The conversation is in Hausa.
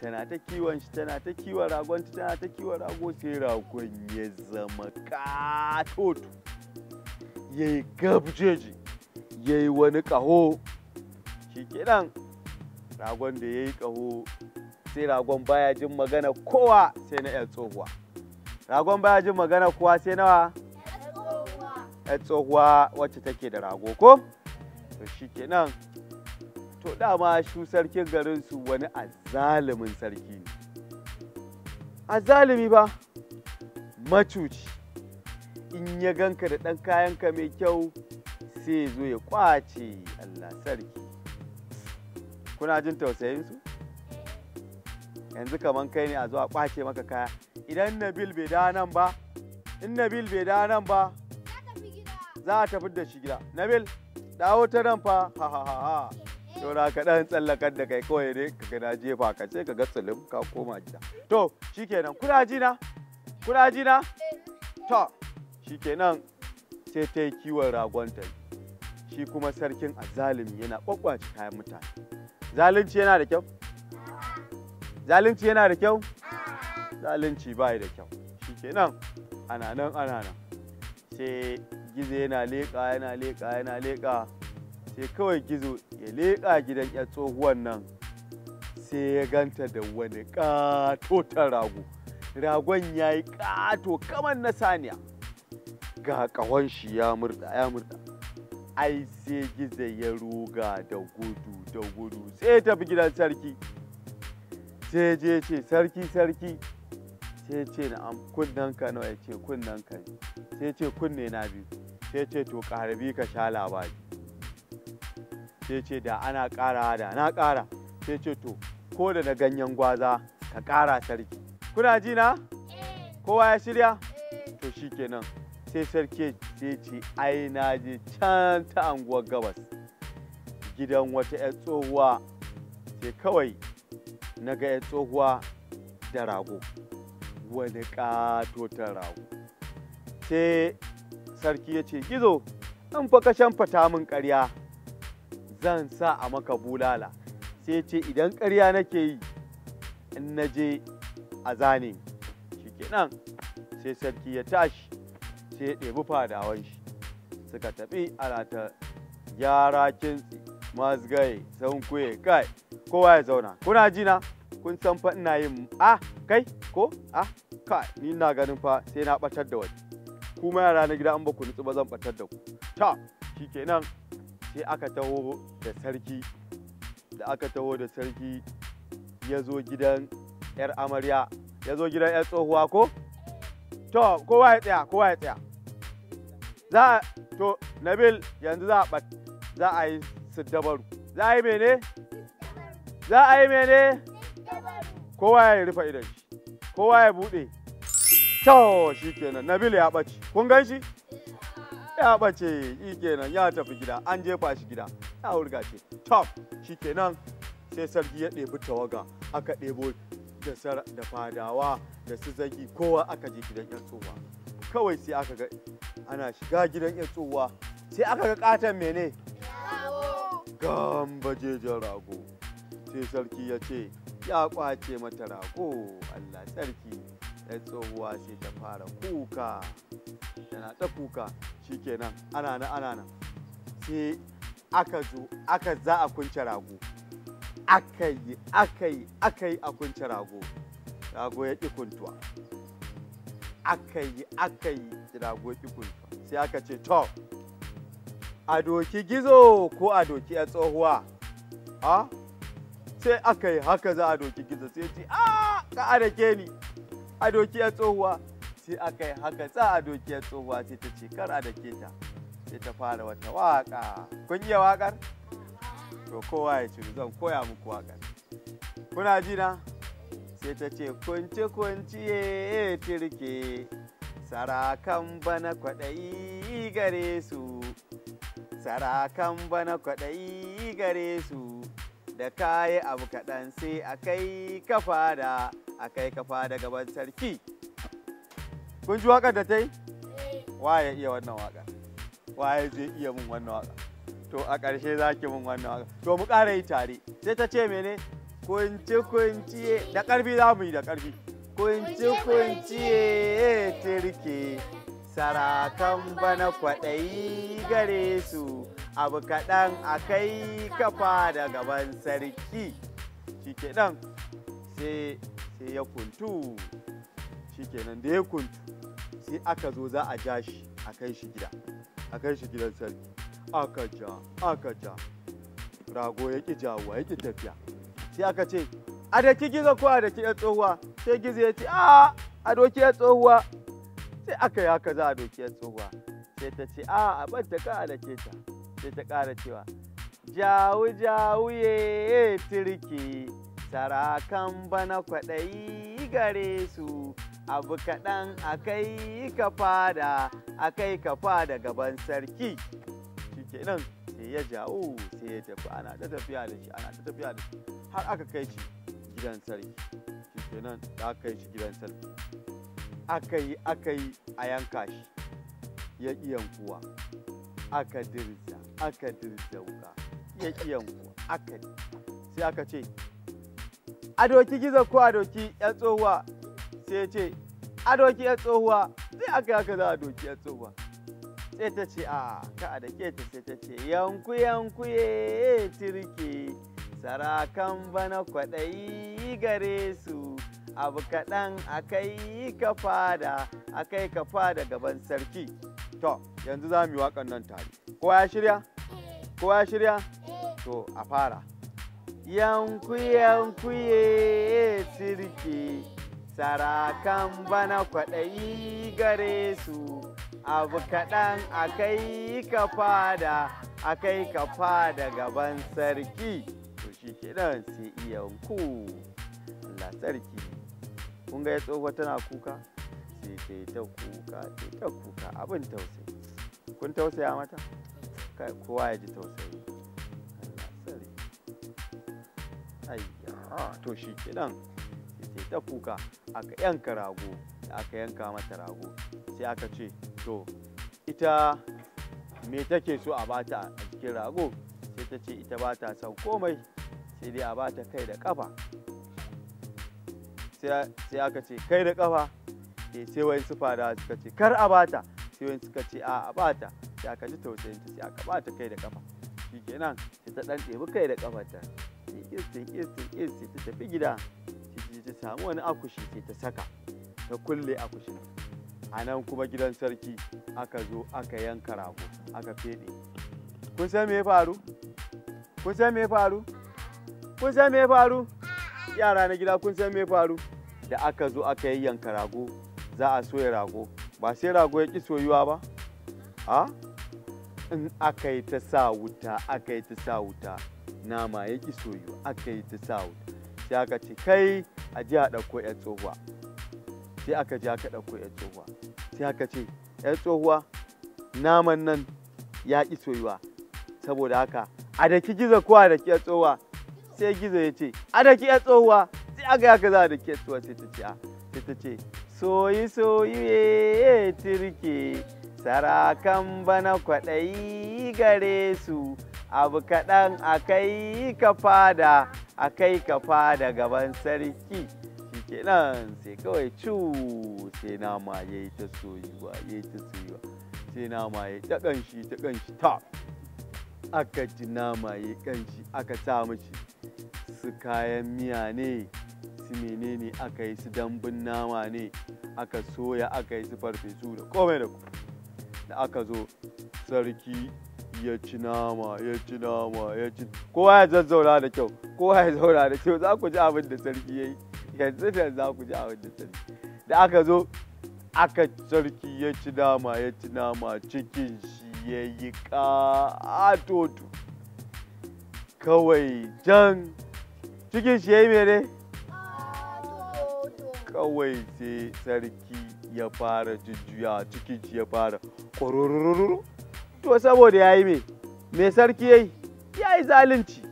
tana ta kiwon shi tana ta kiwon ragonta tana ta kiwon rago sai ragon ya zama katoto ya yi gabjeji ya yi wani kaho shi kiɗan ragon da ya yi kaho sai ragon baya jin magana kowa sai na 'yan tsohuwa ragon baya jin magana kowa sai nawa 'yan tsohuwa wacce take da rago ko to shi kenan to dama shu sarkin garin su wani azalimin sarki ne azalimi ba macuci in ya ganka da ɗan ka mai kyau sai zo ya kwace Allah sarki kuna jin tausayin su yanzu kaman kai ne a zo a kwace maka kaya idan nabil bai da nan ba in nabil bai da nan ba za a tafi da shi gida nabil dawo ta nan fa ha ha ha saura ka dan tsallakar da kai kawai ne ka na jefa ka ce ka ga tsulum ka koma gida to shikenan kuna ji na kuna ji na to shikenan sai ta yi kiwon ragonta shi kuma sarkin azalimi yana kwakwace kayan mutane zalunci yana da kyau zalunci yana da kyau zalunci bai da kyau shikenan ana nan ana nan sai gizo yana leƙa yana leƙa yana leƙa sai kawai gizo ya leƙa gidan ya tsohuwan nan sai ya ganta da wani ƙato ta rago ragon ya yi ƙato kamar na saniya ga ƙahon shi ya murda ya murda ai sai gizo ya ruga da gudu da gudu sai ya tafi gidan sarki sai je ce sarki sarki sai ce na kunnen ka nawa ya ce kunnen ka sai ce kunne na biyu sai ce to karabi ka sha labari sai ce da ana ƙara da na ƙara sai ce to ko da na ganyen gwaza ka ƙara sarki kuna ji na eh. kowa ya shirya eh. to shi kenan sai sarki sai ce ai na je can ta anguwar gabas gidan wata 'yar tsohuwa sai kawai na ga 'yar tsohuwa da rago wani ƙato ta rago sai sarki ya ce gizo in fa ka shan fata min ƙarya zan sa a maka bulala sai ce idan karya nake yi in na je a zane shikenan sai sarki ya tashi sai ya ɗebi fadawan shi suka tafi ana ta gyara kintsi mazgaye sun kuye kai kowa ya zauna kuna ji na kun san fa ina yin a kai ko a kai ni na ganin fa sai na ɓatar da wani kuma yara na gida an ba ku nutsu ba zan ɓatar da ku ta shikenan sai aka taho da sarki da aka taho da sarki ya zo gidan 'yar amarya ya zo gidan 'yar tsohuwa ko? to kowa ya tsaya kowa ya tsaya za to nabil yanzu za a za a yi siddabaru za a yi mene za a yi mene kowa ya rufe idan shi kowa ya buɗe to shikenan nabil ya ɓaci kun gan shi ya bace shi kenan ya tafi gida an jefa shi gida ya wurga ce top shi kenan sai sarki ya ɗebi tawaga aka ɗebo da fadawa da su zagi kowa aka je gidan yan tsohuwa kawai sai aka ga ana shiga gidan yan tsohuwa sai aka ga katon mene gambajejen rago sai sarki ya ce ya kwace mata rago allah sarki yan tsohuwa sai ta fara kuka tana ta kuka shikenan ana nan ana nan sai aka zo aka za a kunce rago aka yi aka yi aka yi a kunce rago rago ya ƙi kuntuwa aka yi aka yi rago ya ƙi kuntuwa sai aka ce to a doki gizo ko a doki a tsohuwa a sai aka yi haka za a doki gizo sai ce a ah, ka a ni a doki a tsohuwa sai aka yi haka tsa a dokiyar tsohuwa sai ta ce kar a dake ta sai ta fara wata waka kun iya wakar to kowa ya ci zan koya muku wakar kuna ji na sai ta ce kunci kunci ye tirke sarakan bana kwaɗayi gare su sarakan bana kwaɗayi gare su da kayi abu kaɗan sai a kai kafa da a kai kafa da gaban sarki kun ji waƙar da ta yi eh. wa ya iya wannan waƙar wa ya zai iya mun wannan waƙar to a ƙarshe za ki mun wannan waƙar to mu ƙara yi tare sai ta ce mene kunci kunci da ƙarfi za mu yi da ƙarfi kunci kunci tirke sarakan bana kwaɗayi gare su abu kaɗan a kai kafa da gaban sarki shi ɗan sai ya kuntu shi kenan da ya kuntu sai aka zo za a ja shi a kai shi gida a kai shi gidan sarki aka ja aka ja rago ya ki jawo ya ki tafiya sai aka ce a ki gizo ko a da ki tsohuwa sai gizo ya ce a a doki ya tsohuwa sai aka yi haka za a doki ya tsohuwa sai ta ce a a bar ta ka a ke ta sai ta ƙara cewa jawu jawu ye turki sarakan bana kwaɗayi gare su abu kaɗan akai ka fada akai ka fada gaban sarki nan sai ya jawo sai ya tafi ana ta tafiya da shi ana ta tafiya da shi har aka kai shi gidan sarki shikenan da aka kai shi gidan sarki aka yi aka yi a yanka shi ya ƙi yankuwa aka dirza aka dirza wuka ya ƙi yankuwa aka sai aka ce a doki gizo ko a doki ya tsohuwa sai ya ce a doki ya tsohuwa sai aka yaka za a doki ya tsohuwa sai ta ce a ka a da ta sai ta ce yanku yanku ye turke sarakan bana kwaɗayi gare su abu kaɗan akai ka fada akai ka fada gaban sarki to yanzu za mu yi waƙan nan tare kowa ya shirya kowa ya shirya to a fara yanku yanku ye turke sarakan bana kwaɗayi gare su abu kaɗan akai ka fada akai ka fada gaban sarki to shi nan sai iyanku e Allah sarki kun ga ya tsohuwa tana kuka sai ta yi ta kuka ta ta kuka abin tausayi kun tausaya mata kowa ya ji tausayi Allah sarki ayya to shi nan. ita ta kuka aka yanka rago da aka yanka mata rago sai aka ce to ita me take so a bata a cikin rago sai ta ce ita ba ta son komai sai dai a bata kai da kafa sai aka ce kai da kafa eh, sai wani sufa da suka ce kar a bata sai wani suka ce a a bata sai aka ji ta sai aka bata kai da kafa shikenan sai ta dan ɗebi kai da kafa ta sai istin istin istin ta tafi gida ta samu wani akushi ke ta saka ta kulle akushi. a nan kuma gidan sarki aka zo aka yanka rago aka feɗe kun san me ya faru kun san me ya faru kun san me ya faru yara na gida kun san me ya faru da aka zo aka yi yanka rago za a soya rago ba sai rago ya ki soyuwa ba a in aka yi ta sa wuta aka yi ta sa wuta nama ya ki soyuwa aka yi ta sa wuta sai aka ce kai a ji a ɗauko 'yar tsohuwa sai aka ji aka ɗauko 'yan tsohuwa sai aka ce 'yan tsohuwa naman nan ya ƙi soyuwa saboda haka a daki gizo ko a daki 'yar tsohuwa sai gizo ya ce a daki 'yar tsohuwa sai aka yi aka za a daki 'yar tsohuwa sai ta ce a sai ta ce soyi soyi ye turke sarakan bana kwaɗayi gare su abu kaɗan a kai ka fada a kai ka fada gaban sarki shikenan sai kawai cu sai nama ya yi ta soyuwa ya yi ta soyuwa sai nama ya ta kanshi ta kanshi ta aka ji nama ya kanshi aka ta mishi su kayan miya ne su menene aka yi su dambun nama ne aka soya aka yi su farfesu da komai da komai da aka zo sarki ya ci nama ya ci nama ya ci kowa ya zazzaura da kyau kowa ya zaura da kyau za ku ji abin da sarki ya yi yanzu da za ku ji abin da sarki da aka zo aka sarki ya ci nama ya ci nama cikin shi ya yi ƙatoto kawai jan cikin shi ya yi mene kawai sai sarki ya fara jujjuya cikin shi ya fara ƙurururu to saboda ya yi me me sarki yayi ya yi zalunci